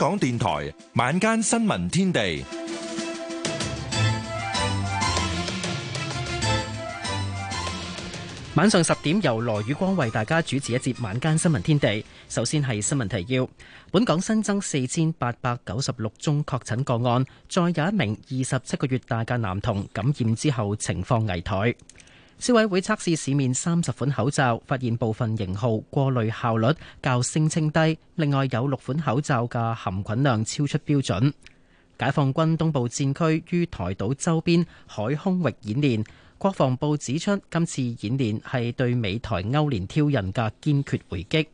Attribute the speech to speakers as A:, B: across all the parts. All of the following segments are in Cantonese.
A: 港電台
B: 晚間新聞天地，晚上十點由羅宇光為大家主持一節晚間新聞天地。首先係新聞提要：本港新增四千八百九十六宗確診個案，再有一名二十七個月大嘅男童感染之後情況，情況危殆。消委會測試市面三十款口罩，發現部分型號過濾效率較聲稱低。另外有六款口罩嘅含菌量超出標準。解放軍東部戰區於台島周邊海空域演練，國防部指出今次演練係對美台勾連挑釁嘅堅決回擊。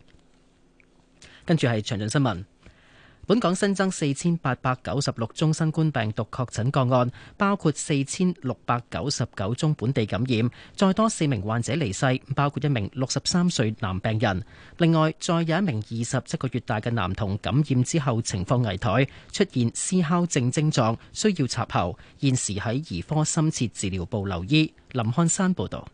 B: 跟住係詳盡新聞。本港新增四千八百九十六宗新冠病毒確診個案，包括四千六百九十九宗本地感染，再多四名患者離世，包括一名六十三歲男病人。另外，再有一名二十七個月大嘅男童感染之後，情況危殆，出現嘶哮症症狀，需要插喉，現時喺兒科深切治療部留醫。林漢山報道。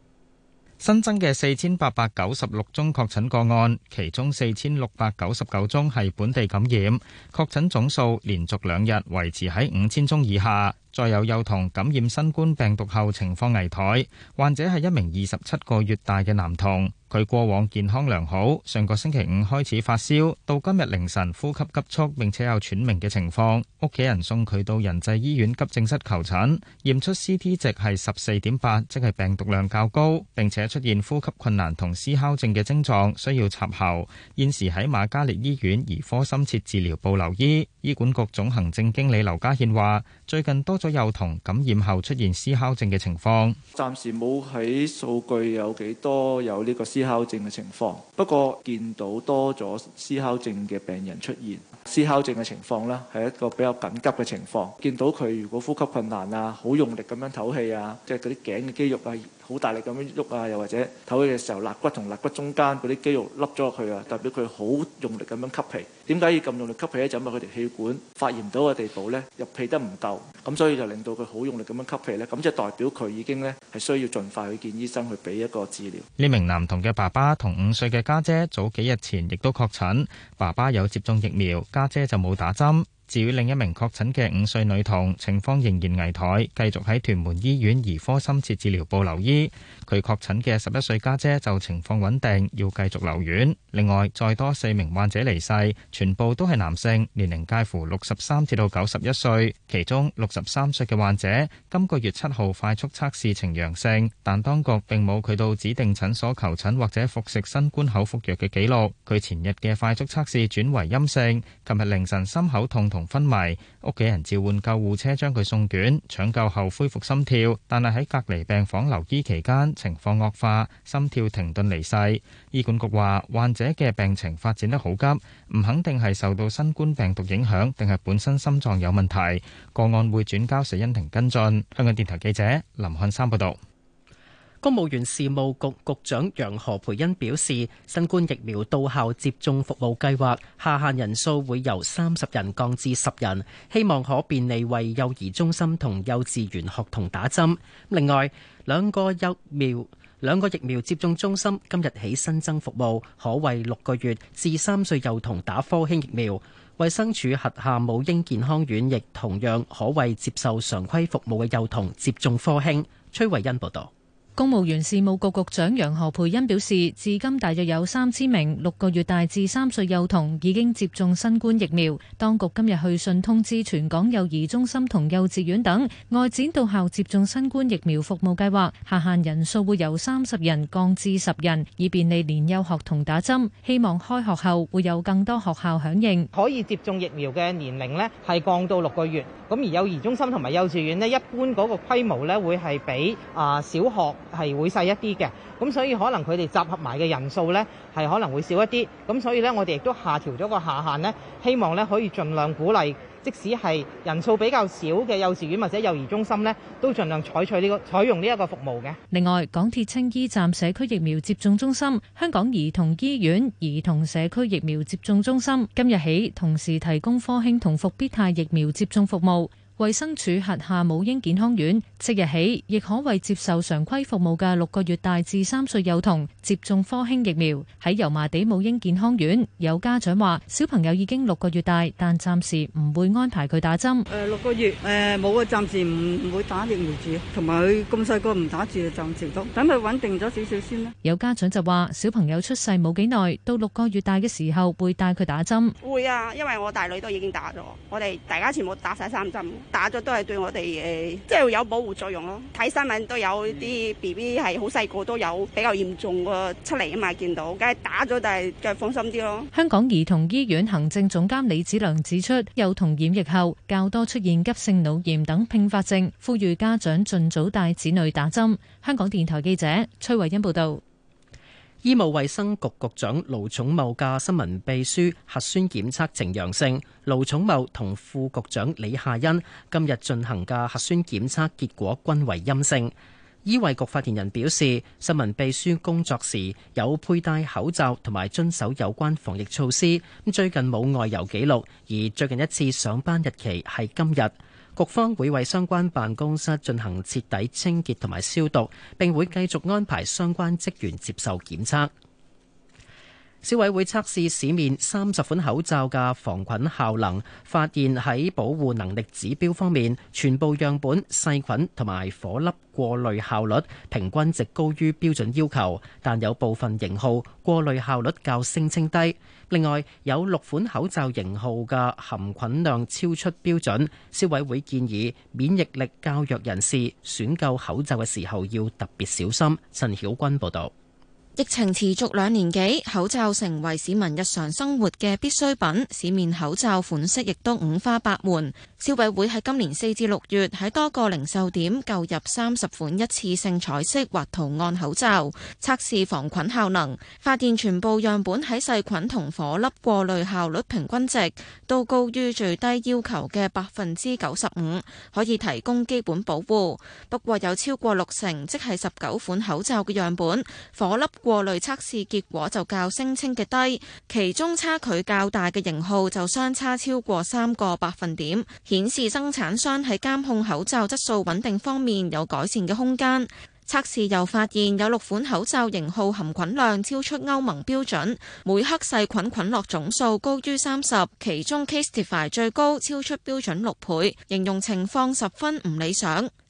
B: 新增嘅四千八百九十六宗確診個
C: 案，其中四千六百九十九宗係本地感染，確診總數連續兩日維持喺五千宗以下。再有幼童感染新冠病毒後情況危殆，患者係一名二十七個月大嘅男童，佢過往健康良好。上個星期五開始發燒，到今日凌晨呼吸急促，並且有喘鳴嘅情況。屋企人送佢到仁濟醫院急症室求診，驗出 C T 值係十四點八，即係病毒量較高，並且出現呼吸困難同思考症嘅症狀，需要插喉。現時喺瑪嘉烈醫院兒科深切治療部留醫。醫管局總行政經理劉家獻話。最近多咗幼童感染後出現思考症嘅情況，
D: 暫時冇喺數據有幾多有呢個思考症嘅情況，不過見到多咗思考症嘅病人出現思考症嘅情況呢，係一個比較緊急嘅情況。見到佢如果呼吸困難啊，好用力咁樣唞氣啊，即係嗰啲頸嘅肌肉啊。好大力咁樣喐啊！又或者唞氣嘅時候，肋骨同肋骨中間嗰啲肌肉凹咗落去啊，代表佢好用力咁樣吸氣。點解要咁用力吸氣咧？就因為佢條氣管發炎到嘅地步咧，入氣得唔夠，咁所以就令到佢好用力咁樣吸氣咧。咁即係代表佢已經咧係需要盡快去見醫生去俾一個治療。
C: 呢名男童嘅爸爸同五歲嘅家姐早幾日前亦都確診，爸爸有接種疫苗，家姐就冇打針。至於另一名確診嘅五歲女童，情況仍然危殆，繼續喺屯門醫院兒科深切治療部留醫。佢確診嘅十一歲家姐就情況穩定，要繼續留院。另外，再多四名患者離世，全部都係男性，年齡介乎六十三至到九十一歲。其中六十三歲嘅患者今個月七號快速測試呈陽性，但當局並冇佢到指定診所求診或者服食新冠口服藥嘅記錄。佢前日嘅快速測試轉為陰性，琴日凌晨心口痛同昏迷，屋企人召喚救護車將佢送院搶救後恢復心跳，但係喺隔離病房留醫期間情況惡化，心跳停頓離世。醫管局話患者嘅病情發展得好急，唔肯定係受到新冠病毒影響，定係本身心臟有問題。個案會轉交死因庭跟進。香港電台記者林漢山報道。
B: 公務員事務局局長楊何培恩表示，新冠疫苗到校接種服務計劃下限人數會由三十人降至十人，希望可便利為幼兒中心同幼稚園學童打針。另外，兩個幼苗兩個疫苗接種中心今日起新增服務，可為六個月至三歲幼童打科興疫苗。衛生署轄下母嬰健康院亦同樣可為接受常規服務嘅幼童接種科興。崔慧欣報道。
E: 公務員事務局局長楊何蓓茵表示，至今大約有三千名六個月大至三歲幼童已經接種新冠疫苗。當局今日去信通知全港幼兒中心同幼稚園等外展到校接種新冠疫苗服務計劃，下限人數會由三十人降至十人，以便利年幼學童打針，希望開學後會有更多學校響應。可以接種疫苗嘅
C: 年齡咧，係降到六個月，咁而幼兒中心同埋幼稚園咧，一般嗰個規模咧會，係比啊小學。係會細一啲嘅，咁所以可能佢哋集合埋嘅人數呢係可能會少一啲，咁所以呢，我哋亦都下調咗個下限呢，希望呢可以盡量鼓勵，即使係人數比較少嘅幼稚園或者幼兒中心呢，都盡量採取呢個採用呢一個
E: 服務嘅。另外，港鐵青衣站社區疫苗接種中心、香港兒童醫院兒童社區疫苗接種中心今日起同時提供科興同復必泰疫苗接種服務。衛生署轄下母嬰健康院，即日起亦可為接受常規服務嘅六個月大至三歲幼童接種科興疫苗。喺油麻地母嬰健康院，有家長話：小朋友已經六個月大，但暫時唔會安排佢打針。
A: 誒、呃，六個月誒，冇、呃、啊，暫時唔唔會打疫苗住，同埋佢咁細個唔
F: 打住啊，暫時都等佢穩定咗少少先
E: 啦。有家長就話：小朋友出世冇幾耐，到六個月大嘅時候會帶佢打針。
F: 會啊，因為我大女都已經打咗，我哋大家全部打晒三針。打咗都係對我哋誒，即係有保護作用咯。睇新聞都有啲 B B 係好細個都有比較嚴重個出嚟啊嘛，見到梗係打咗，但係梗放心啲咯。
E: 香港兒童醫院行政總監李子良指出，幼童染疫後較多出現急性腦炎等併發症，呼籲家長盡早帶子女打針。香港電台記者崔慧欣報道。
B: 醫務衛生局局長盧寵茂嘅新聞秘書核酸檢測呈陽性，盧寵茂同副局長李夏茵今日進行嘅核酸檢測結果均為陰性。醫衛局發言人表示，新聞秘書工作時有佩戴口罩同埋遵守有關防疫措施，最近冇外遊記錄，而最近一次上班日期係今日。局方會為相關辦公室進行徹底清潔同埋消毒，並會繼續安排相關職員接受檢測。消委會測試市面三十款口罩嘅防菌效能，發現喺保護能力指標方面，全部樣本細菌同埋火粒過濾效率平均值高於標準要求，但有部分型號過濾效率較聲稱低。另外，有六款口罩型號嘅含菌量超出標準，消委會建議免疫力較弱人士選購口罩嘅時候要特別小心。陳曉君報導。
F: 疫情持續兩年幾，口罩成為市民日常生活嘅必需品，市面口罩款式亦都五花八門。消委會喺今年四至六月喺多個零售點購入三十款一次性彩色或圖案口罩，測試防菌效能，發現全部樣本喺細菌同火粒過濾效率平均值都高於最低要求嘅百分之九十五，可以提供基本保護。不過有超過六成，即係十九款口罩嘅樣本，火粒過濾測試結果就較聲稱嘅低，其中差距較大嘅型號就相差超過三個百分點。顯示生產商喺監控口罩質素穩定方面有改善嘅空間。測試又發現有六款口罩型號含菌量超出歐盟標準，每克細菌菌落總數高於三十，其中 Castify 最高超出標準六倍，形容情況十分唔理想。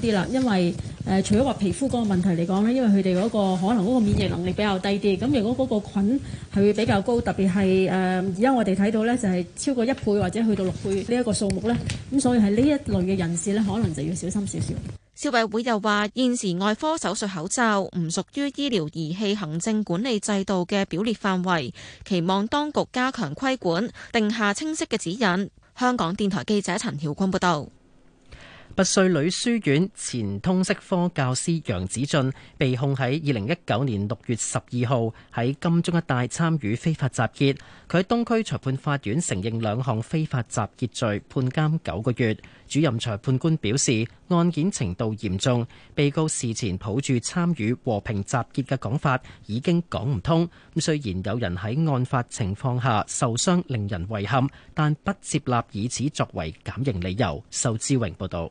F: 啲啦、呃，因為誒、那個，除咗話皮膚嗰個問題嚟講呢，因為佢哋嗰個可能嗰個免疫能力比較低啲，咁如果嗰個菌係會比較高，特別係誒而家我哋睇到呢，就係、是、超過一倍或者去到六倍呢一個數目呢。咁、
G: 嗯、所以係呢一類嘅人士呢，可能就要小心少少。
F: 消委會又話，現時外科手術口罩唔屬於醫療儀器行政管理制度嘅表列範圍，期望當局加強規管，定下清晰嘅指引。香港電台記者陳曉君報道。
B: 拔萃女書院前通識科教師楊子俊被控喺二零一九年六月十二號喺金鐘一帶參與非法集結，佢喺東區裁判法院承認兩項非法集結罪，判監九個月。主任裁判官表示，案件程度嚴重，被告事前抱住參與和平集結嘅講法已經講唔通。咁雖然有人喺案發情況下受傷，令人遺憾，但不接納以此作為減刑理由。仇志榮報道。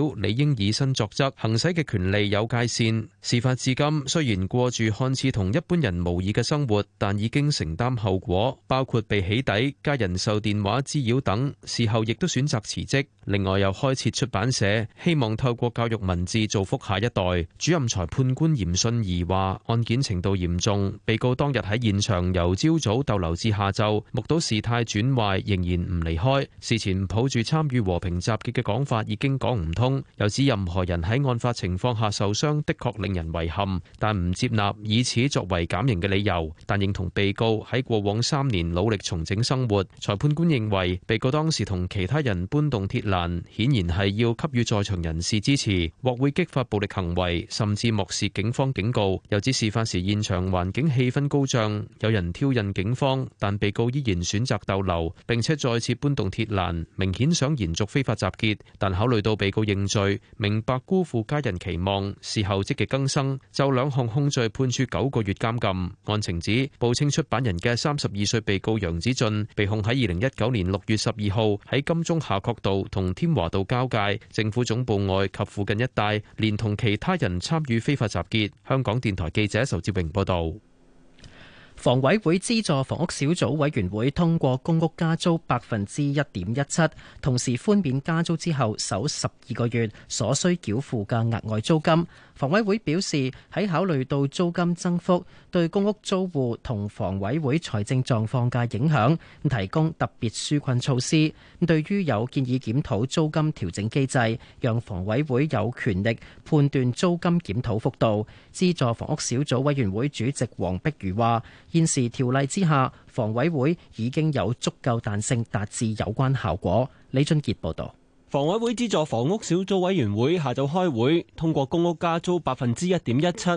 H: 理應以身作則行使嘅權利有界線。事發至今，雖然過住看似同一般人無異嘅生活，但已經承擔後果，包括被起底、家人受電話滋擾等。事後亦都選擇辭職，另外又開設出版社，希望透過教育文字造福下一代。主任裁判官嚴信儀話：案件程度嚴重，被告當日喺現場由朝早逗留至下晝，目睹事態轉壞，仍然唔離開，事前抱住參與和平集結嘅講法已經講唔通。又指任何人喺案發情況下受傷的確令人遺憾，但唔接納以此作為減刑嘅理由。但認同被告喺過往三年努力重整生活。裁判官認為，被告當時同其他人搬動鐵欄，顯然係要給予在場人士支持，或會激發暴力行為，甚至漠視警方警告。又指事發時現場環境氣氛高漲，有人挑釁警方，但被告依然選擇逗留，並且再次搬動鐵欄，明顯想延續非法集結。但考慮到被告認罪明白辜負家人期望，事後積極更生，就兩項控罪判處九個月監禁。案情指報稱出版人嘅三十二歲被告楊子俊，被控喺二零一九年六月十二號喺金鐘夏慤道同添華道交界政府總部外及附近一帶，連同其他人參與非法集結。香港電台記者仇志榮報道。
B: 房委會資助房屋小組委員會通過公屋加租百分之一點一七，同時寬免加租之後首十二個月所需繳付嘅額外租金。房委會表示，喺考慮到租金增幅對公屋租戶同房委會財政狀況嘅影響，提供特別紓困措施。對於有建議檢討租金調整機制，讓房委會有權力判斷租金檢討幅度，資助房屋小組委員會主席黃碧如話，現時條例之下，房委會已經有足夠彈性達至有關效果。李俊杰報道。
I: 房委會資助房屋小組委員會下晝開會，通過公屋加租百分之一點一七，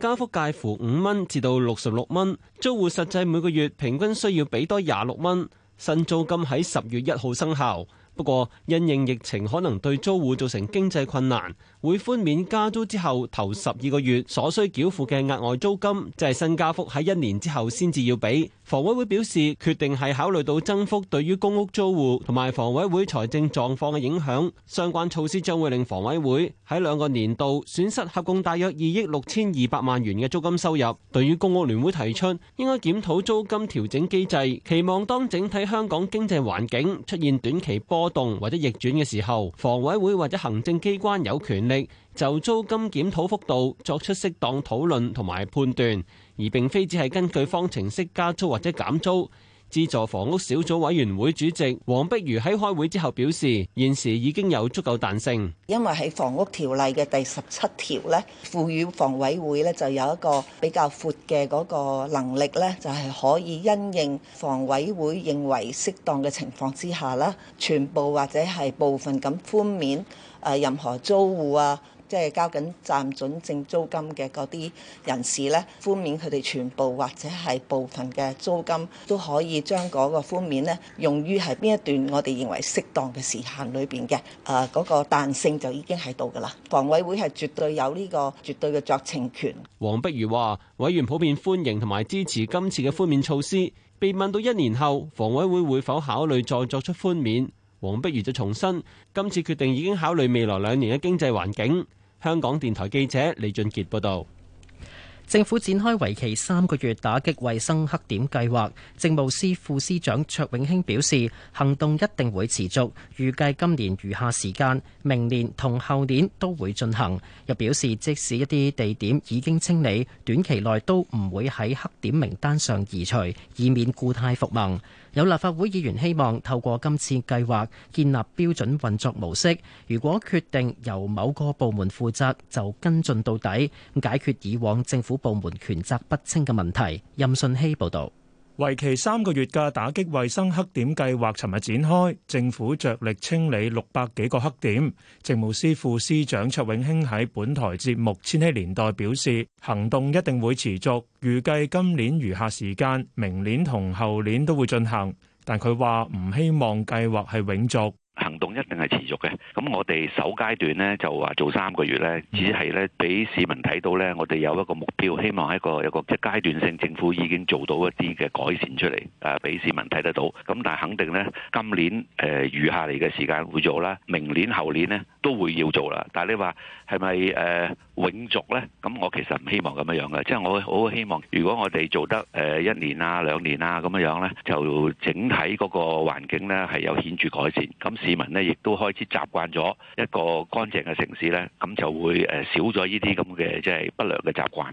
I: 加幅介乎五蚊至到六十六蚊，租戶實際每個月平均需要俾多廿六蚊，新租金喺十月一號生效。不過，因應疫情可能對租戶造成經濟困難，會寬免加租之後頭十二個月所需繳付嘅額外租金，即係新加幅喺一年之後先至要俾。房委會表示，決定係考慮到增幅對於公屋租戶同埋房委會財政狀況嘅影響，相關措施將會令房委會喺兩個年度損失合共大約二億六千二百萬元嘅租金收入。對於公屋聯會提出應該檢討租金調整機制，期望當整體香港經濟環境出現短期波波動或者逆轉嘅時候，房委會或者行政機關有權力，就租金檢討幅度作出適當討論同埋判斷，而並非只係根據方程式加租或者減租。資助房屋小組委員會主席黃碧如喺開會之後表示，現時已經有足夠彈性，
F: 因為喺房屋條例嘅第十七條呢賦予房委會呢就有一個比較闊嘅嗰個能力呢就係、是、可以因應房委會認為適當嘅情況之下啦，全部或者係部分咁寬免誒任何租戶啊。即係交緊暫準正租金嘅嗰啲人士呢，寬免佢哋全部或者係部分嘅租金，都可以將嗰個寬免呢用於係邊一段我哋認為適當嘅時限裏邊嘅誒嗰個彈性就已經喺度㗎喇。房委會係絕對有呢個絕對嘅酌情權。
I: 黃碧如話：委員普遍歡迎同埋支持今次嘅寬免措施。被問到一年後房委會會否考慮再作出寬免，黃碧如就重申今次決定已經考慮未來兩年嘅經濟環境。香港電台記者李俊杰報
B: 道，政府展開為期三個月打擊衛生黑點計劃。政務司副司長卓永興表示，行動一定會持續，預計今年餘下時間，明年同後年都會進行。又表示，即使一啲地點已經清理，短期內都唔會喺黑點名單上移除，以免故態復萌。有立法會議員希望透過今次計劃建立標準運作模式。如果決定由某個部門負責，就跟進到底，解決以往政府部門權責不清嘅問題。任信希報導。為期
D: 三個月嘅打擊衛生黑點計劃，尋日展開，政府着力清理六百幾個黑點。政務司副司長卓永興喺本台節目《千禧年代》表示，行動一定會持續，預計今年餘下時間，明年同後年都會進行，但佢話唔希望計劃係永續。行動一定係持續嘅，咁我哋首階段呢就話做三個月呢，只係呢俾市民睇到呢，我哋有一個目標，希望係一個一個階段性，政府已經做到一啲嘅改善出嚟，誒俾市民睇得到。咁但係肯定呢，今年誒餘下嚟嘅時間會做啦，明年後年呢都會要做啦。但係你話係咪誒永續呢？咁我其實唔希望咁樣樣嘅，即係我好希望，如果我哋做得誒一年啊兩年啊咁樣樣呢，就整體嗰個環境呢係有顯著改善咁。市民咧，亦都開始習慣咗一個乾淨嘅城市咧，咁就會誒少咗呢啲咁嘅即係不良嘅習慣。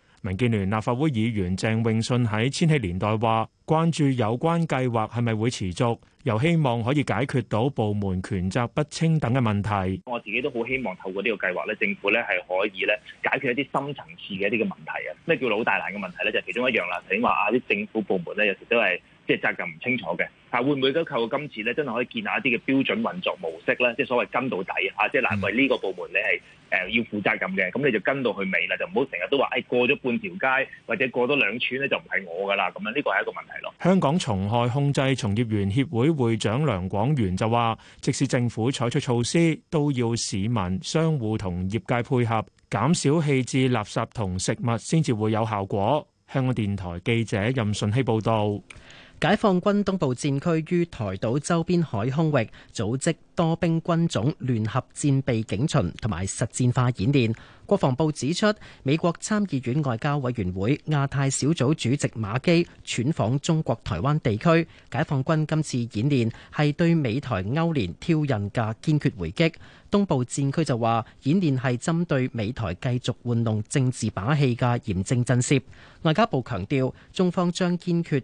D: 民建聯立法會議員鄭泳舜喺千禧年代話，關注有關計劃係咪會持續，又希望可以解決到部門權責不清等嘅問題。我自己都好希望透過呢個計劃咧，政府咧係可以咧解決一啲深層次嘅一啲嘅問題啊。咩叫老大難嘅問題咧？就係其中一樣啦，就係話啊啲政府部門咧有時都係。即係責任唔清楚嘅，但會唔會都靠今次咧，真係可以建立一啲嘅標準運作模式咧？即係所謂跟到底嚇，即係難為呢個部門你係誒要負責任嘅，咁你就跟到去尾啦，就唔好成日都話誒過咗半條街或者過多兩寸咧，就唔係我噶啦咁樣。呢個係一個問題咯。香港蟲害控制從業員協會會,會長梁廣源就話，即使政府採取措施，都要市民、商戶同業界配合，減少棄置垃圾同食物，先至會有效果。香港電台記者任順希報
B: 道。解放軍東部戰區於台島周邊海空域組織多兵軍種聯合戰備警巡同埋實戰化演練。國防部指出，美國參議院外交委員會亞太小組主席馬基竄訪中國台灣地區，解放軍今次演練係對美台勾連挑釁嘅堅決回擊。東部戰區就話，演練係針對美台繼續玩弄政治把戲嘅嚴正震懾。外交部強調，中方將堅決。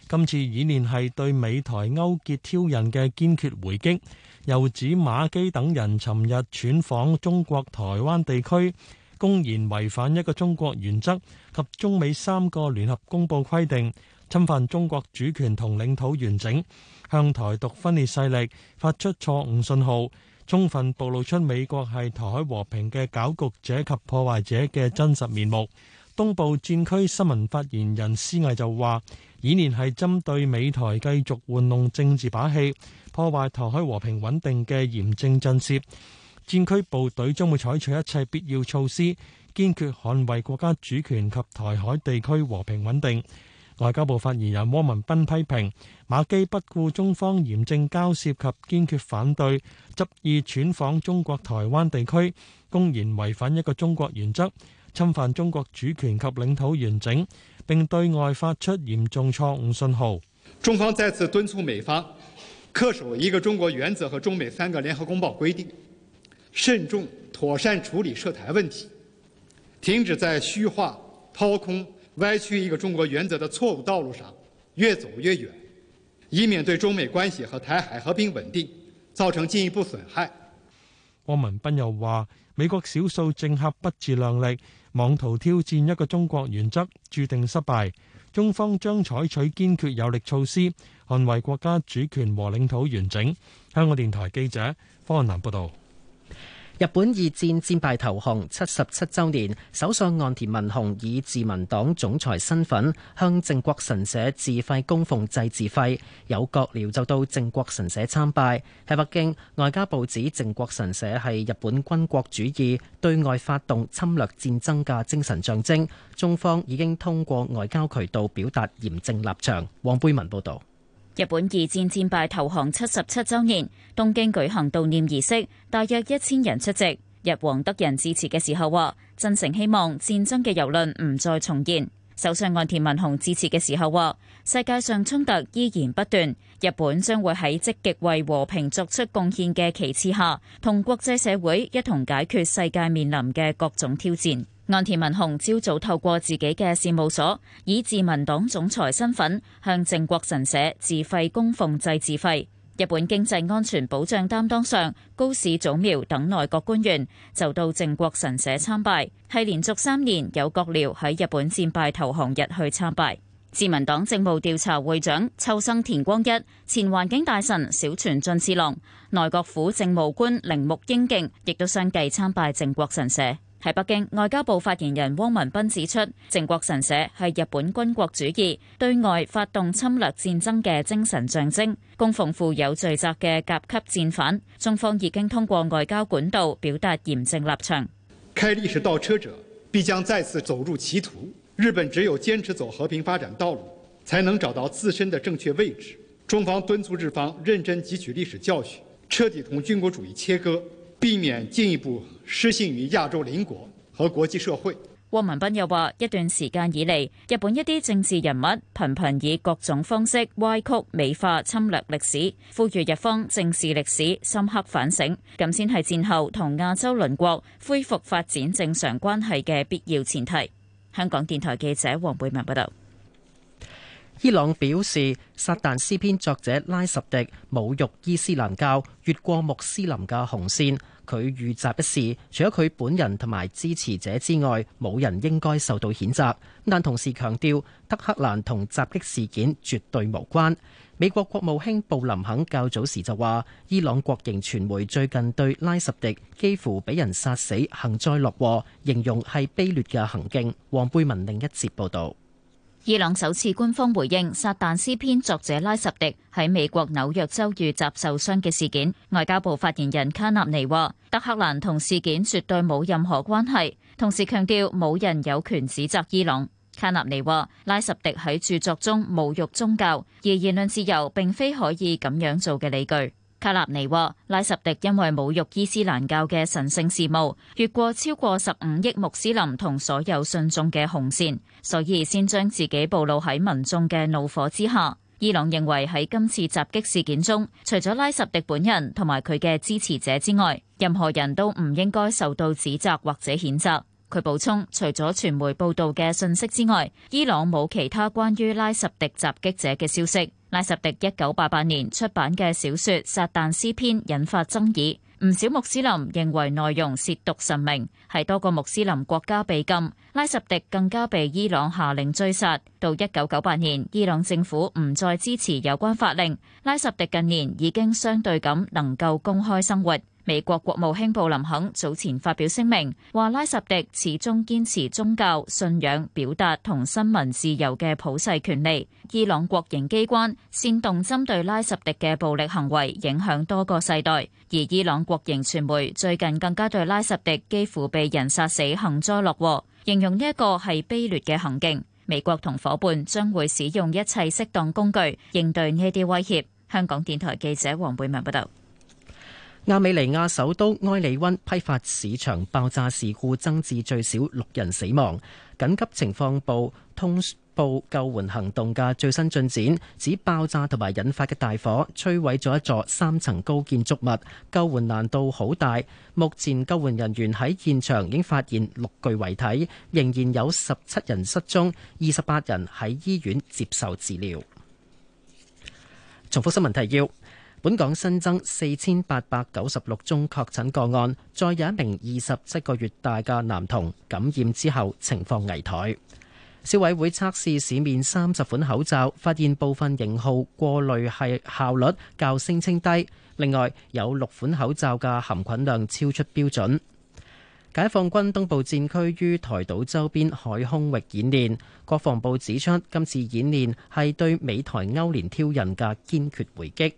A: 今次演練係對美台勾結挑釁嘅堅決回擊，又指馬基等人尋日竄訪中國台灣地區，公然違反一個中國原則及中美三個聯合公報規定，侵犯中國主權同領土完整，向台獨分裂勢力發出錯誤信號，充分暴露出美國係台海和平嘅攪局者及破壞者嘅真實面目。東部戰區新聞發言人施毅就話。演練係針對美台繼續玩弄政治把戲、破壞台海和平穩定嘅嚴正震懾，戰區部隊將會採取一切必要措施，堅決捍衛國家主權及台海地區和平穩定。外交部發言人汪文斌批評馬基不顧中方嚴正交涉及堅決反對，執意竄訪中國台灣地區，公然違反一個中國原則，侵犯中國主權及領土完整。並對外發出嚴重錯誤信號。
J: 中方再次敦促美方恪守一個中國原則和中美三個聯合公報規定，慎重妥善處理涉台問題，停止在虛化、掏空、歪曲一個中國原則的錯誤道路上越走越遠，以免對中美關係和台海和平穩定造成進一步損害。
A: 汪文斌又話：美國少數政客不自量力。妄圖挑戰一個中國原則，註定失敗。中方將採取堅決有力措施，捍衛國家主權和領土
B: 完整。香港電台記者方南報道。日本二戰戰敗投降七十七周年，首相岸田文雄以自民黨總裁身份向靖國神社自費供奉祭祀費，有閣僚就到靖國神社參拜。喺北京，外交部指靖國神社係日本軍國主義對外發動侵略戰爭嘅精神象徵，中方已經通過外交渠道表達嚴正立場。黃貝文報道。
G: 日本二戰戰敗投降七十七週年，東京舉行悼念儀式，大約一千人出席。日王德仁致辭嘅時候話，真誠希望戰爭嘅遊論唔再重現。首相岸田文雄致辭嘅時候話，世界上衝突依然不斷，日本將會喺積極為和平作出貢獻嘅旗幟下，同國際社會一同解決世界面臨嘅各種挑戰。岸田文雄朝早透過自己嘅事務所，以自民黨總裁身份向靖國神社自費供奉祭祀費。日本經濟安全保障擔當上高市早苗等內閣官員就到靖國神社參拜，係連續三年有國僚喺日本戰敗投降日去參拜。自民黨政務調查會長萩生田光一、前環境大臣小泉進次郎、內閣府政務官鈴木英敬，亦都相繼參拜靖國神社。喺北京，外交部發言人汪文斌指出，靖國神社係日本軍國主義對外發動侵略戰爭嘅精神象徵，供奉負有罪責嘅甲級戰犯。中方已經通過外交管道表達嚴正立場。
J: 開歷史倒車者，必將再次走入歧途。日本只有堅持走和平發展道路，才能找到自身的正確位置。中方敦促日方認真汲取歷史教訓，徹底同軍國主義切割，避免進一步失信於亞洲鄰國和國際社會。
G: 汪文斌又話：一段時間以嚟，日本一啲政治人物頻頻以各種方式歪曲美化侵略歷史，呼籲日方正視歷史，深刻反省，咁先係戰後同亞洲鄰國恢復發展正常關係嘅必要前提。香港電台記者黃貝文報道。
B: 伊朗表示，撒旦詩篇作者拉什迪侮辱伊斯蘭教，越過穆斯林嘅紅線。佢遇襲一事，除咗佢本人同埋支持者之外，冇人應該受到譴責，但同時強調德黑蘭同襲擊事件絕對無關，美國國務卿布林肯較早時就話伊朗國營傳媒最近對拉什迪幾乎俾人殺死幸災樂禍，形容係卑劣嘅行徑，黃貝文另一節報道。
G: 伊朗首次官方回應《撒旦詩篇》作者拉什迪喺美國紐約州遇襲受傷嘅事件。外交部發言人卡納尼話，德克蘭同事件絕對冇任何關係，同時強調冇人有權指責伊朗。卡納尼話，拉什迪喺著作中侮辱宗教，而言論自由並非可以咁樣做嘅理據。卡納尼話：拉什迪因為侮辱伊斯蘭教嘅神聖事務，越過超過十五億穆斯林同所有信眾嘅紅線，所以先將自己暴露喺民眾嘅怒火之下。伊朗認為喺今次襲擊事件中，除咗拉什迪本人同埋佢嘅支持者之外，任何人都唔應該受到指責或者譴責。佢補充，除咗傳媒報導嘅信息之外，伊朗冇其他關於拉什迪襲擊者嘅消息。拉什迪一九八八年出版嘅小說《撒旦詩篇》引發爭議，唔少穆斯林認為內容褻瀆神明，係多個穆斯林國家被禁。拉什迪更加被伊朗下令追殺，到一九九八年，伊朗政府唔再支持有關法令。拉什迪近年已經相對咁能夠公開生活。美國國務卿布林肯早前發表聲明，話拉什迪，始終堅持宗教信仰表達同新聞自由嘅普世權利。伊朗國營機關煽動針對拉什迪嘅暴力行為，影響多個世代。而伊朗國營傳媒最近更加對拉什迪幾乎被人殺死幸災樂禍，形容呢一個係卑劣嘅行徑。美國同伙伴將會使用一切適當工具應對呢啲威脅。香港電台記者黃貝文報道。
B: 亞美尼亞首都埃里溫批發市場爆炸事故增至最少六人死亡。緊急情況部通報救援行動嘅最新進展，指爆炸同埋引發嘅大火摧毀咗一座三層高建築物，救援難度好大。目前救援人員喺現場已經發現六具遺體，仍然有十七人失蹤，二十八人喺醫院接受治療。重複新聞提要。本港新增四千八百九十六宗確診個案，再有一名二十七個月大嘅男童感染之後，情況危殆。消委會測試市面三十款口罩，發現部分型號過濾系效率較聲稱低。另外有六款口罩嘅含菌量超出標準。解放軍東部戰區於台島周邊海空域演練，國防部指出今次演練係對美台歐聯挑釁嘅堅決回擊。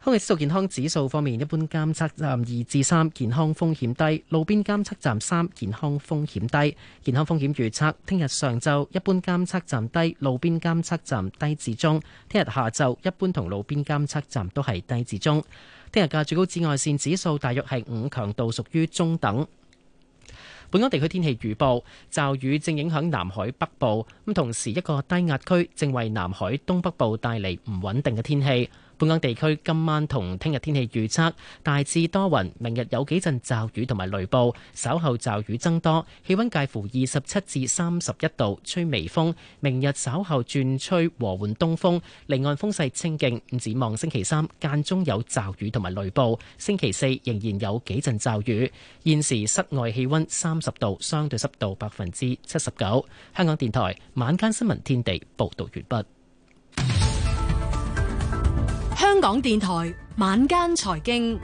B: 空氣質素健康指數方面，一般監測站二至三，健康風險低；路邊監測站三，健康風險低。健康風險預測：聽日上晝一般監測站低，路邊監測站低至中；聽日下晝一般同路邊監測站都係低至中。聽日嘅最高紫外線指數大約係五，強度屬於中等。本港地區天氣預報：驟雨正影響南海北部，咁同時一個低壓區正為南海東北部帶嚟唔穩定嘅天氣。本港地區今晚同聽日天氣預測，大致多雲，明日有幾陣驟雨同埋雷暴，稍後驟雨增多，氣溫介乎二十七至三十一度，吹微風。明日稍後轉吹和緩東風，離岸風勢清勁。唔展望星期三間中有驟雨同埋雷暴，星期四仍然有幾陣驟雨。現時室外氣溫三十度，相對濕度百分之七十九。香港電台晚間新聞天地報道完畢。
E: 香港電台晚間財經，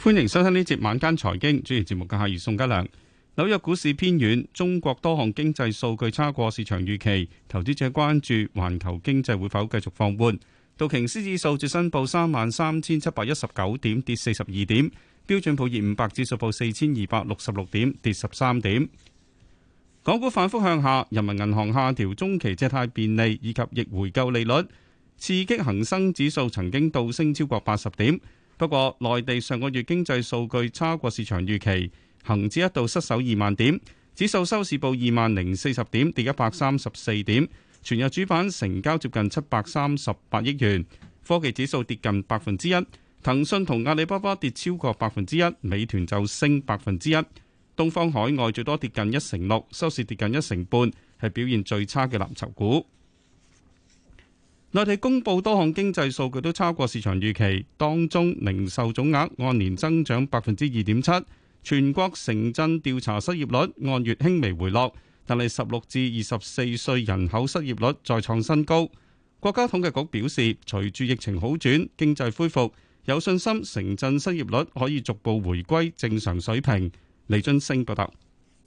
K: 歡迎收聽呢節晚間財經。主持節目嘅係宋嘉良。紐約股市偏軟，中國多項經濟數據差過市場預期，投資者關注環球經濟會否繼續放緩。道瓊斯指數最新報三萬三千七百一十九點，跌四十二點；標準普爾五百指數報四千二百六十六點，跌十三點。港股反覆向下，人民銀行下調中期借貸便利以及逆回購利率，刺激恒生指數曾經倒升超過八十點。不過內地上個月經濟數據差過市場預期，恒指一度失守二萬點，指數收市報二萬零四十點，跌一百三十四點。全日主板成交接近七百三十八億元，科技指數跌近百分之一，騰訊同阿里巴巴跌超過百分之一，美團就升百分之一。東方海外最多跌近一成六，收市跌近一成半，係表現最差嘅藍籌股。內地公布多項經濟數據都超過市場預期，當中零售總額按年增長百分之二點七，全國城鎮調查失業率按月輕微回落，但係十六至二十四歲人口失業率再創新高。國家統計局表示，隨住疫情好轉，經濟恢復，有信心城鎮失業率可以逐步回歸正常水平。李津升報道，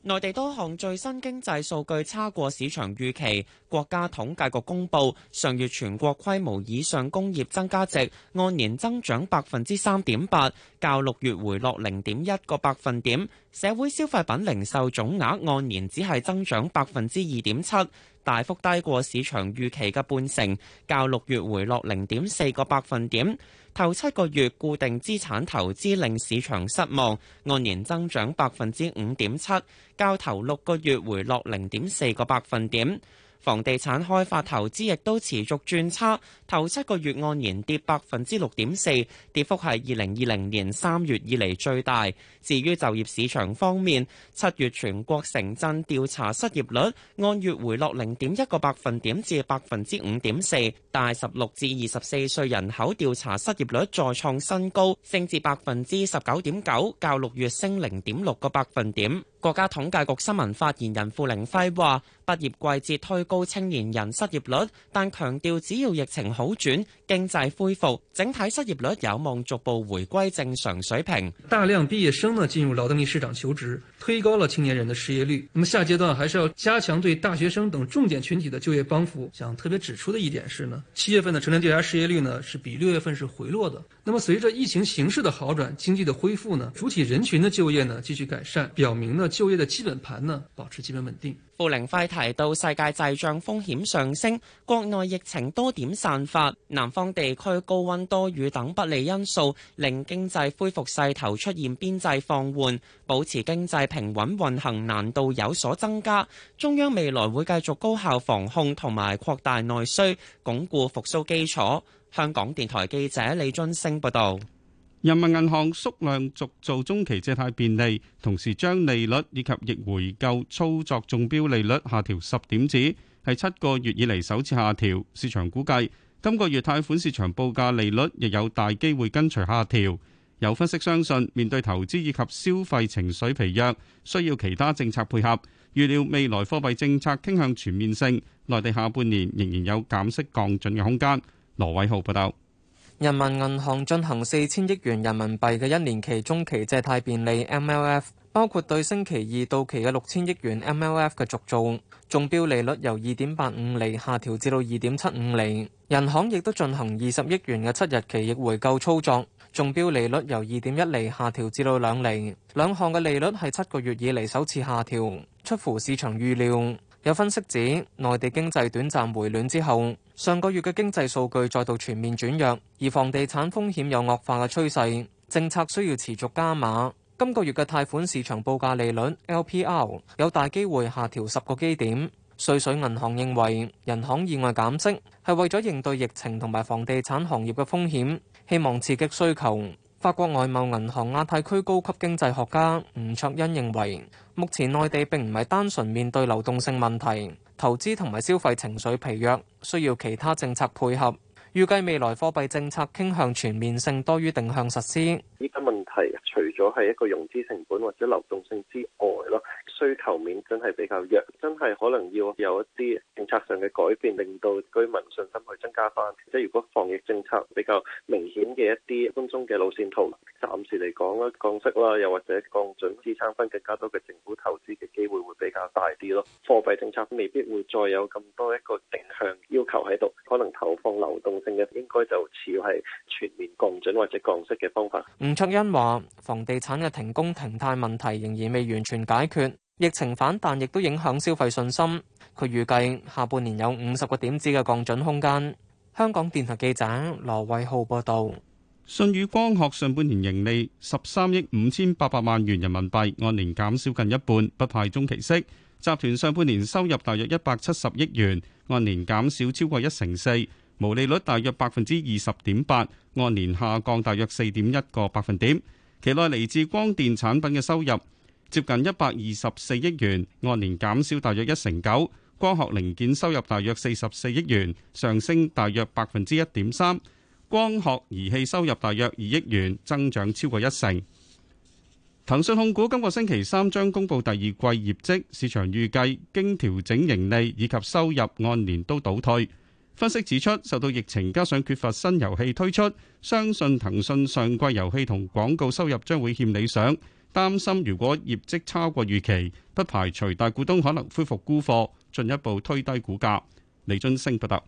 L: 內地多項最新經濟數據差過市場預期。國家統計局公布，上月全國規模以上工業增加值按年增長百分之三點八，較六月回落零點一個百分點。社會消費品零售總額按年只係增長百分之二點七。大幅低過市場預期嘅半成，較六月回落零點四個百分點。頭七個月固定資產投資令市場失望，按年增長百分之五點七，較頭六個月回落零點四個百分點。房地產開發投資亦都持續轉差，頭七個月按年跌百分之六點四，跌幅係二零二零年三月以嚟最大。至於就業市場方面，七月全國城鎮調查失業率按月回落零點一個百分點至百分之五點四，但十六至二十四歲人口調查失業率再創新高，升至百分之十九點九，較六月升零點六個百分點。國家統計局新聞發言人付凌暉話：，畢業季節推高青年人失業率，但強調只要疫情好轉、經濟恢復，整體失業率有望逐步回歸正常水平。
M: 大量畢業生呢進入勞動力市場求職，推高了青年人的失業率。那麼下階段還是要加強對大學生等重點群體的就業幫扶。想特別指出的一點是呢，七月份的城鎮調查失業率呢是比六月份是回落的。那麼隨着疫情形勢的好轉，經濟的恢復呢，主體人群的就業呢繼續改善，表明呢就業的
L: 基本盤呢保持基本穩定。付凌暉提到，世界滯脹風險上升，國內疫情多點散發，南方地區高溫多雨等不利因素，令經濟恢復勢頭出現邊際放緩，保持經濟平穩運行難度有所增加。中央未來會繼續高效防控同埋擴大
K: 內需，鞏固復蘇基礎。香港電台記者李津升報道：人民銀行縮量續做中期借貸便利，同時將利率以及逆回購操作中標利率下調十點子，係七個月以嚟首次下調。市場估計今個月貸款市場報價利率亦有大機會跟隨下調。有分析相信，面對投資以及消費情緒疲弱，需要其他政策配合。預料未來貨幣政策傾向全面性，內地下半年仍然有減息降準嘅空間。羅偉浩報道：人民銀行進行四
M: 千億元人民幣嘅一年期中期借貸便利 （MLF），包括對星期二到期嘅六千億元 MLF 嘅續造。中標利率由二點八五厘下調至到二點七五厘。人行亦都進行二十億元嘅七日期逆回購操作，中標利率由二點一厘下調至到兩厘。兩項嘅利率係七個月以嚟首次下調，出乎市場預料。有分析指，內地經濟短暫回暖之後，上個月嘅經濟數據再度全面轉弱，而房地產風險有惡化嘅趨勢，政策需要持續加碼，今個月嘅貸款市場報價利率 LPR 有大機會下調十個基點，瑞穗銀行認為人行意外減息係為咗應對疫情同埋房地產行業嘅風險，希望刺激需求。法國外貿銀行亞太區高級經濟學家吳卓恩認為。目前內地並唔係單純面對流動性問題，投資同埋消費情緒疲弱，需要其他政策配合。預計未來貨幣政策傾向全面性多於定向實施。
A: 依家問題除咗係一個融資成本或者流動性之外咯，需求面真係比較弱，真係可能要有一啲政策上嘅改變，令到居民信心去增加返。即係如果防疫政策比較明顯嘅一啲分鐘嘅路線圖。暫時嚟講咧，降息啦，又或者降準支撐翻更加多嘅政府投資嘅機會會比較大啲咯。貨幣政策未必會再有咁
I: 多一個定
A: 向要求喺度，可能投放流動性嘅應該就似係全面降準或者降息嘅
M: 方法。吳卓欣話：房地產嘅停工停貸問題仍然未完全解決，疫情反彈亦都影響消費信心。佢預計下半年有五十個點子嘅
K: 降準空間。香港電台記者羅
M: 偉浩報道。
K: 舜宇光學上半年盈利十三億五千八百萬元人民幣，按年減少近一半，不派中期息。集團上半年收入大約一百七十億元，按年減少超過一成四，毛利率大約百分之二十點八，按年下降大約四點一個百分點。期內嚟自光電產品嘅收入接近一百二十四億元，按年減少大約一成九。光學零件收入大約四十四億元，上升大約百分之一點三。光學儀器收入大約二億元，增長超過一成。騰訊控股今個星期三將公布第二季業績，市場預計經調整盈利以及收入按年都倒退。分析指出，受到疫情加上缺乏新遊戲推出，相信騰訊上季遊戲同廣告收入將會欠理想。擔心如果業績超過預期，不排除大股東可能恢復沽貨，進一步推低股價。李津升報道。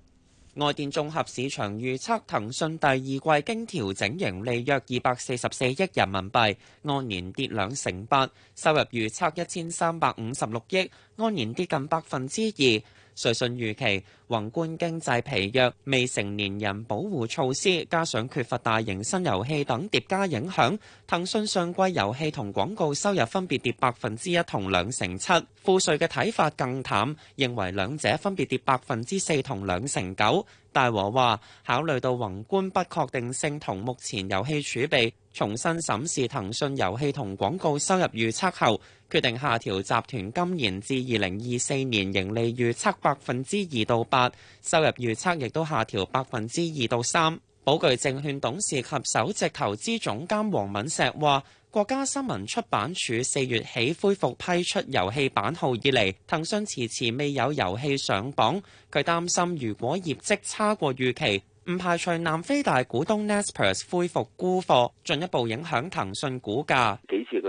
L: 外電綜合市場預測，騰訊第二季經調整盈利約二百四十四億人民幣，按年跌兩成八，收入預測一千三百五十六億，按年跌近百分之二。瑞信預期宏觀經濟疲弱、未成年人保護措施加上缺乏大型新遊戲等疊加影響，騰訊上季遊戲同廣告收入分別跌百分之一同兩成七。富瑞嘅睇法更淡，認為兩者分別跌百分之四同兩成九。大和話考慮到宏觀不確定性同目前遊戲儲備，重新審視騰訊遊戲同廣告收入預測後，決定下調集團今年至二零二四年盈利預測百分之二到八，8，收入預測亦都下調百分之二到三。寶鉅證券董事及首席投資總監黃敏石話：國家新聞出版署四月起恢復批出遊戲版號以嚟，騰訊遲遲未有遊戲上榜。佢擔心如果業績差過預期，唔排除南非大股東 Naspers 恢復沽貨，進一步影響騰訊股價。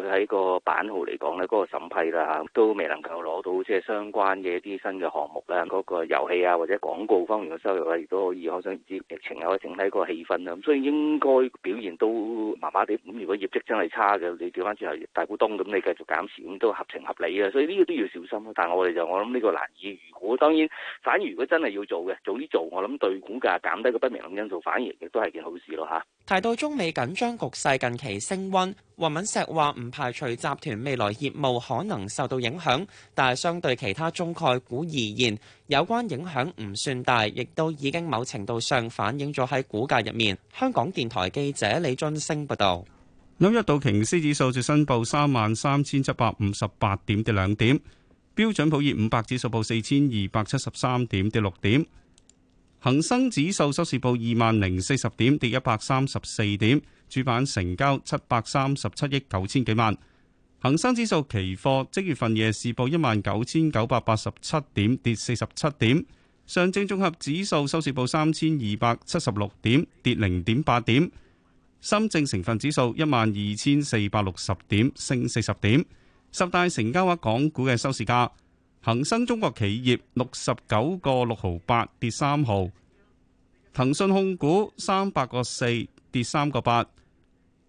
C: 佢喺個版號嚟講咧，嗰個審批啦嚇，都未能夠攞到即係相關嘅一啲新嘅項目啦。嗰個遊戲啊，或者廣告方面嘅收入啊，亦都可以。可想而知疫情啊，整體個氣氛啦、啊，咁所以應該表現都麻麻哋。咁如果業績真係差嘅，你調翻之後大股東咁，你繼續減持咁都合情合理啊。所以呢個都要小心咯、啊。但係我哋就我諗呢個難以。如果當然，反而如果真係要做嘅，早啲做，我諗對股價減低嘅不明因素，反而亦都係件好事咯、啊、嚇。
L: 提到中美緊張局勢近期升溫，黃敏石話唔排除集團未來業務可能受到影響，但係相對其他中概股而言，有關影響唔算大，亦都已經某程度上反映咗喺股價入面。香港電台記者李俊升
K: 報道。紐約道瓊斯指數最新報三萬三千七百五十八點跌兩點，標準普爾五百指數報四千二百七十三點跌六點。恒生指數收市報二萬零四十點，跌一百三十四點，主板成交七百三十七億九千幾萬。恒生指數期貨即月份夜市報一萬九千九百八十七點，跌四十七點。上證綜合指數收市報三千二百七十六點，跌零點八點。深證成分指數一萬二千四百六十點，升四十點。十大成交額港股嘅收市價。恒生中國企業六十九個六毫八跌三毫，騰訊控股三百個四跌三個八，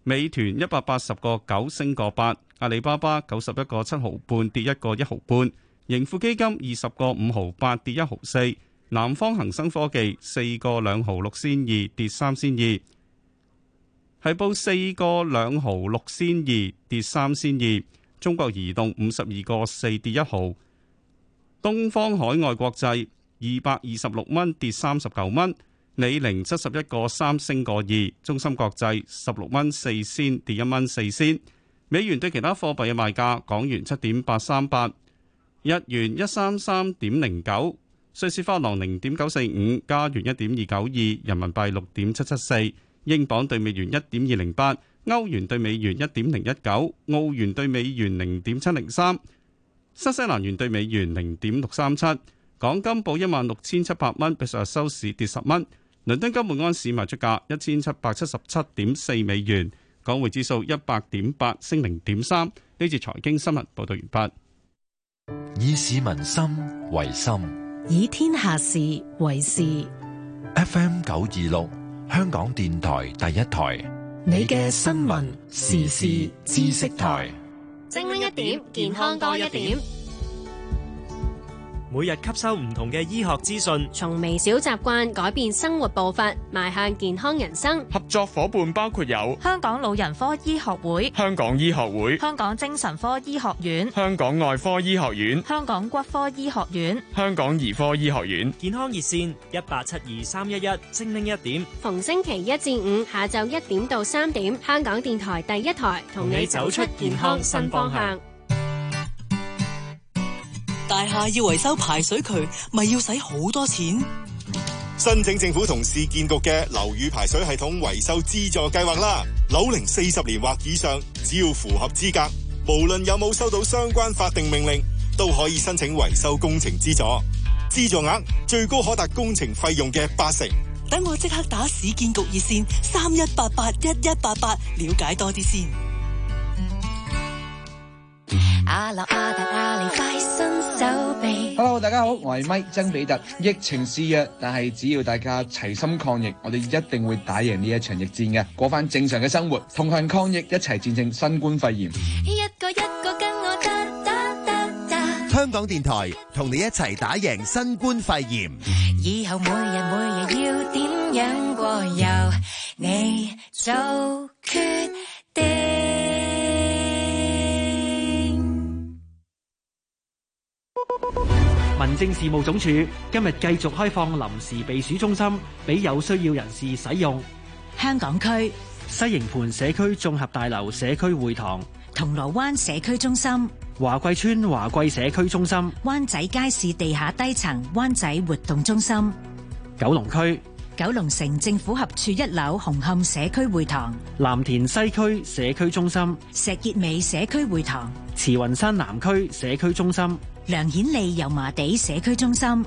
K: 美團一百八十個九升個八，阿里巴巴九十一個七毫半跌一個一毫半，盈富基金二十個五毫八跌一毫四，南方恒生科技四個兩毫六仙二跌三仙二，係報四個兩毫六仙二跌三仙二，中國移動五十二個四跌一毫。東方海外國際二百二十六蚊，跌三十九蚊。李寧七十一個三升個二。中芯國際十六蚊四仙，跌一蚊四仙。美元對其他貨幣嘅賣價：港元七點八三八，日元一三三點零九，瑞士法郎零點九四五，加元一點二九二，人民幣六點七七四，英鎊對美元一點二零八，歐元對美元一點零一九，澳元對美元零點七零三。新西蘭元兌美元零點六三七，港金報一萬六千七百蚊，比上日收市跌十蚊。倫敦金每安士賣出價一千七百七十七點四美元，港匯指數一百點八升零點三。呢次財經新聞報道完畢。以市民心為心，
E: 以天下事為事。
N: FM 九二六，香港電台第一台，
E: 你嘅
J: 新聞時事知識
M: 台。
H: 精靈一點，健康多一點。
M: 每日吸收唔同嘅醫學資訊，從微小習
N: 慣改變生活步伐，邁向健康人生。
M: 合作夥伴包括有
N: 香港
F: 老人科醫學會、
M: 香港醫學會、
F: 香港精神科醫學院、
M: 香港外科醫學院、
F: 香港骨科醫學院、
M: 香港兒科醫學院。學院健康熱線一八七二三一一，精靈一點。
N: 逢星期一至五下晝一點到三點，香港電台第一台同你走出健康新方向。
E: 大廈要維修排水渠，咪要使好多錢。
A: 申請政府同市建局嘅樓宇排水系統維修資助計劃啦。樓齡四十年或以上，只要符合資格，無論有冇收到相關法定命令，都可以申請維修工程資助。資助額最高可達工程費
J: 用嘅八成。
E: 等我即刻打市建局熱線三一八八一一八八，了解多啲先。阿樂阿達阿快伸手
N: 臂
D: ！Hello，大家好，我係咪曾比特。 疫情肆虐，但係
J: 只要大家齊心抗疫，我哋一定會打贏呢一場疫戰嘅，過翻正常嘅生活，同行抗疫，一齊戰勝新冠肺炎 。
G: 一個一個跟我得得得
L: 得，香港電台同你一齊打贏新冠肺炎。 以後每
N: 日每日，每日要點樣過由你做決定。民政事務總署今日繼續開放臨時避暑中心，俾有需要人士使用。香港區西營盤社區綜合大樓社區會堂、銅鑼灣社區中心、華貴村華貴社區中心、灣仔街市地下低層灣仔活動中心、九龍區。九龍城政府合署一樓紅磡社區會堂、藍田西區社區中心、石硤尾社區會堂、慈雲山南區社區中心、梁顯利油麻地社區中心、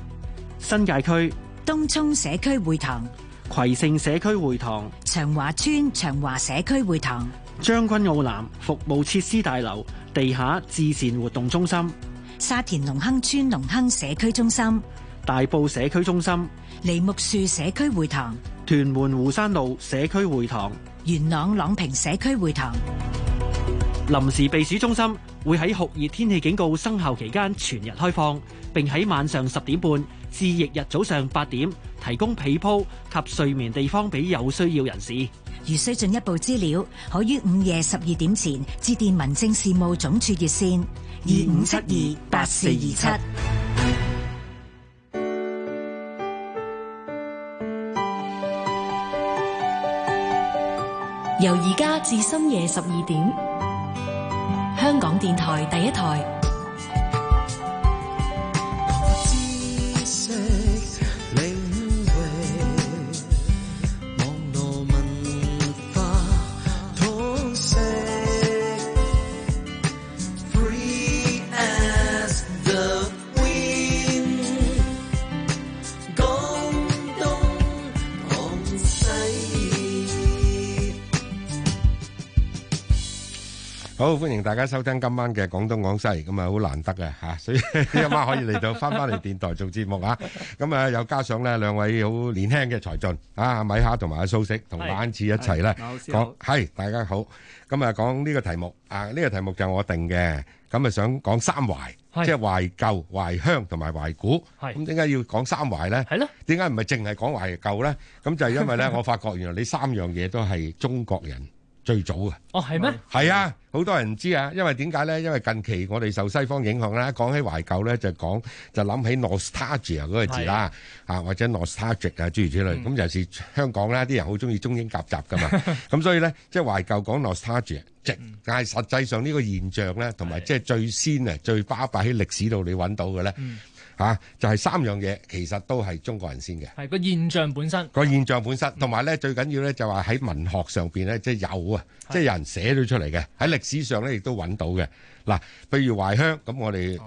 N: 新界區東涌社區會堂、葵盛社區會堂、長華邨長華社區會堂、將軍澳南服務設施大樓地下自善活動中心、沙田隆亨邨隆亨社區中心。大埔社區中心、梨木樹社區會堂、屯門湖山路社區會堂、元朗朗平社區會堂，臨時避暑中心會喺酷熱天氣警告生效期間全日開放，並喺晚上十點半至翌日早上八點提供被鋪及睡眠地方俾有需要人士。如需進一步資料，可於午夜十二點前致電民政事務總署熱線二五七二八四二七。
E: 由而家至深夜十二點，香港電台第一台。
J: 好，歡迎大家收聽今晚嘅廣東廣西，咁啊好難得嘅吓，啊，所以 今晚可以嚟到翻返嚟電台做節目啊，咁啊又加上咧兩位好年輕嘅才俊，啊米哈同埋阿蘇軾同班次一齊咧講，係，嗯說哎，大家好，咁啊講呢個題目啊呢，這個題目就係我定嘅，咁，嗯，啊想講三懷，是即係懷舊、懷鄉同埋懷古，咁點解要講三懷咧？係咧的？點解唔係淨係講懷舊咧？咁就係因為咧，我發覺原來呢三樣嘢都係中國人。啊最早啊，哦，係咩？係啊，好多人知啊，因為點解咧？因為近期我哋受西方影響咧，講起懷舊咧，就講就諗起 nostalgia 嗰個字啦，嚇或者 nostalgic 啊，諸如此類。咁尤其是香港咧，啲人好中意中英夾雜噶嘛。咁所以咧，即係懷舊講 nostalgia，但係實際上呢個現象咧，同埋即係最先啊、最巴閉喺歷史度你揾到嘅咧。嚇、啊，就係、是、三樣嘢，其實都係中國人先嘅。係個現象本身，個現象本身，同埋咧最緊要咧就話喺文學上邊咧，即係有啊，的即係有人寫咗出嚟嘅，喺歷史上咧亦都揾到嘅。嗱、啊，譬如懷鄉咁，我哋。哦